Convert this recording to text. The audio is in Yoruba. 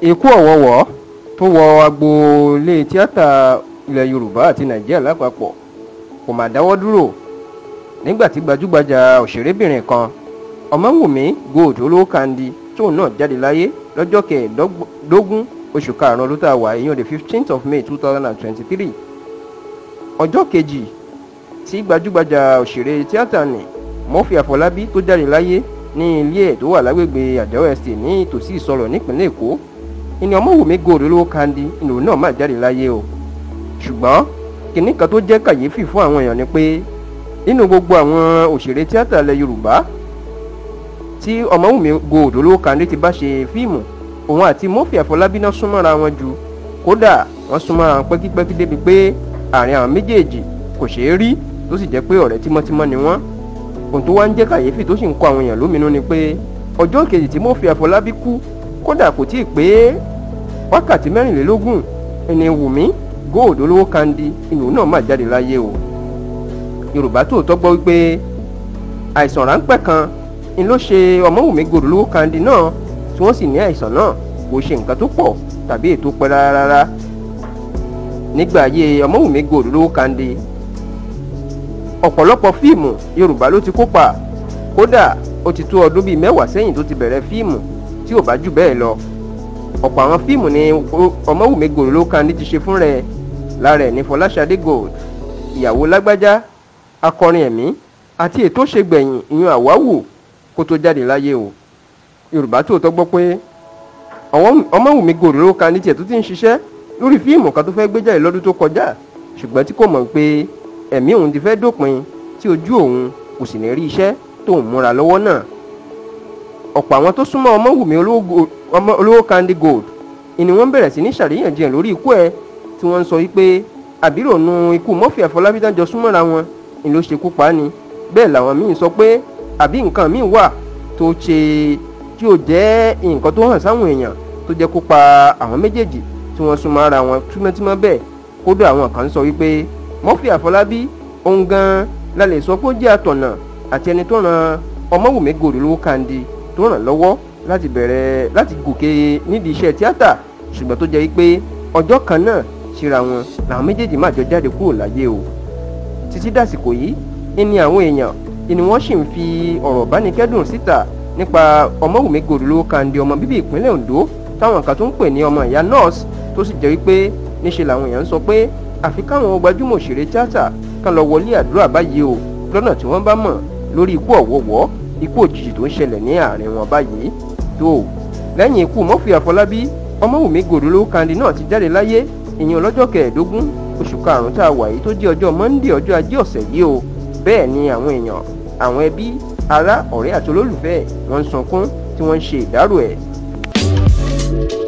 ikú ọ̀wọ́wọ́ tó wọ agboolé tíátà ilẹ̀ yorùbá àti nàìjíríà lápapọ̀ kò mà dáwọ́ dúró nígbà tí gbajúgbajà òṣèrébìnrin kan ọmọwùmí gold olókàndí tóun náà jáde láyé lọ́jọ́ kẹẹ̀ẹ́dógún oṣù karùn-ún ló tà wá ìyẹn the fifteenth of may two thousand and twenty-three ọjọ́ kejì tí gbajúgbajà òṣèré tíátà nì mọ́fì àfọlábí tó jáde láyé ní ilé ẹ̀ tó wà lágbègbè àjẹwò estate ní ìtòsí ìsọ̀rọ̀ nípínlẹ̀ èkó ènìyàn mọ̀ wùmí gold olówó kandi ìlú náà má jáde láyé o ṣùgbọ́n kìnní kan tó jẹ́ kàyéfì fún àwọn èèyàn ni pé nínú gbogbo àwọn òṣèré tíátà ilẹ̀ yorùbá tí ọmọwùmí gold olówó kandi ti bá ṣe fíìmù òun àti mọ́fì àfọlábí náà súnmọ́ra wọn ju kódà wọ́n súnmọ́ra wọn pẹ́kípẹ́kí débi pé àárín àwọn méjèèjì kò ṣeé rí tó sì jẹ́ pé ọ̀rẹ́ tímọ́tímọ́ ni wọ́n ohun tó wá ń jẹ́ kàyéfì tó sì ń kó àwọn èèyàn lóminú ni pé ọjọ́ kejì tí mọ́fì àfọlábí kú kódà kò tíì pé wákàtí mẹ́rìnlélógún ẹni wùmí góòdù olówó kandi ìlú náà má jáde láyé o yorùbá tòótọ́ gbọ́ wípé àìsàn ráńpẹ́ kan ni ló ṣe ọmọwùmí góòdù olówó kandi náà tí wọ́n sì ní àìsàn náà kò ṣe nǹkan tó pọ̀ tàbí ètò pẹ́ rárá nígbà ayé ọmọwùmí góòdù olówó kandi ọ̀pọ̀lọpọ̀ fíìmù yorùbá ló ti kópa kódà ó ti tó ọdún bíi mẹ́wàá sẹ́yìn tó ti bẹ̀rẹ̀ fíìmù tí ò bá jù bẹ́ẹ̀ lọ ọ̀pọ̀ àwọn fíìmù ni ọmọwùmí gòrò ló kan ní ti ṣe fún rẹ̀ lára ẹ̀ ní fọláṣadé gold ìyàwó lágbájá akọrin ẹ̀mí àti ètò ṣègbẹ̀yìn ìyún àwáwò kó tó jáde láyé o yorùbá tòótọ́ gbọ́ pé ọmọwùmí gòrò ló kan ní tiẹ̀ tó ti ń ṣiṣẹ́ lórí fíìmù kan tó fẹ́ gbé jáde lọ́dún tó kọjá ṣùgbọ́n tí kò mọ̀ pé ẹ̀mí òun ti fẹ́ dópin tí ojú òun kò sì ní rí iṣẹ́ tóun múra lọ́wọ́ náà ọ̀pọ̀ àwọn tó súnmọ́ ọmọwùmí olówó kandi gold ni wọ́n bẹ̀rẹ̀ sí ní ṣàríyànjiyàn lórí ikú ẹ̀ tí wọ́n ń sọ wípé àbírònú ikú Murphy Àfọlábí tán jọ súnmọ́ra wọn ni ló ṣekú pa á ni bẹ́ẹ̀ làwọn míì sọ pé àbí nǹkan míì wà tó ṣe tí ò jẹ́ nǹkan tó hàn sáwọn èèyàn tó jẹ́ kó pa àwọn méjèèjì tí wọ́n súnmọ́ wọn tímọ́tímọ́ bẹ́ẹ̀ kódà àwọn kan sọ wípé Murphy Àfọlábí òun gan-an la lè sọ pé ó jẹ́ àtọ̀nà àti ẹni tó ran Ọmọwùmí gòdò lówó kandi tó ràn lọ́wọ́ láti bẹ̀rẹ̀ láti gòkè nídìí iṣẹ́ tíátà ṣùgbọ́n tó jẹ́ wípé ọjọ́ kan náà síra wọn làwọn méjèèjì má jọ jáde kúrò láyé o títí dàsìkò yìí ẹni àwọn èèyàn ni wọ́n sì ń fi ọ̀rọ̀ bánikẹ́dùn síta nípa ọmọwùmí gòdúlówó kande ọmọ bíbí ìpínlẹ̀ Ondo táwọn kan tó ń pè ní ọmọ ìyá nurse tó sì jẹ́ wípé níṣe làwọn èèyàn ń sọ pé àfi káwọn gbajúmọ̀ òṣèré tíátà kan lọ wọlé àdúrà báyìí o lọ́nà tí wọ́n bá mọ̀ lórí ikú ọ̀wọ̀wọ́ ikú òjijì tó ń ṣẹlẹ̀ ní àárín wọn báyìí tó lẹ́yìn ikú Murphy Àfọlábí Ọmọwùmí Gòdòló Kàndí náà ti jáde láyé ìyẹn lọ́jọ́ kẹẹ̀ẹ́dógún oṣù karùn-ún tá a wà yìí tó jẹ́ ọjọ́ Monday ọjọ́ ajé ọ̀sẹ̀ yìí o bẹ́ẹ̀ ni àwọn èèyàn àwọn ẹbí ará ọ̀rẹ́ àti olólùfẹ́ wọn ń sunkún tí wọ́n ń ṣe ìdárò ẹ̀.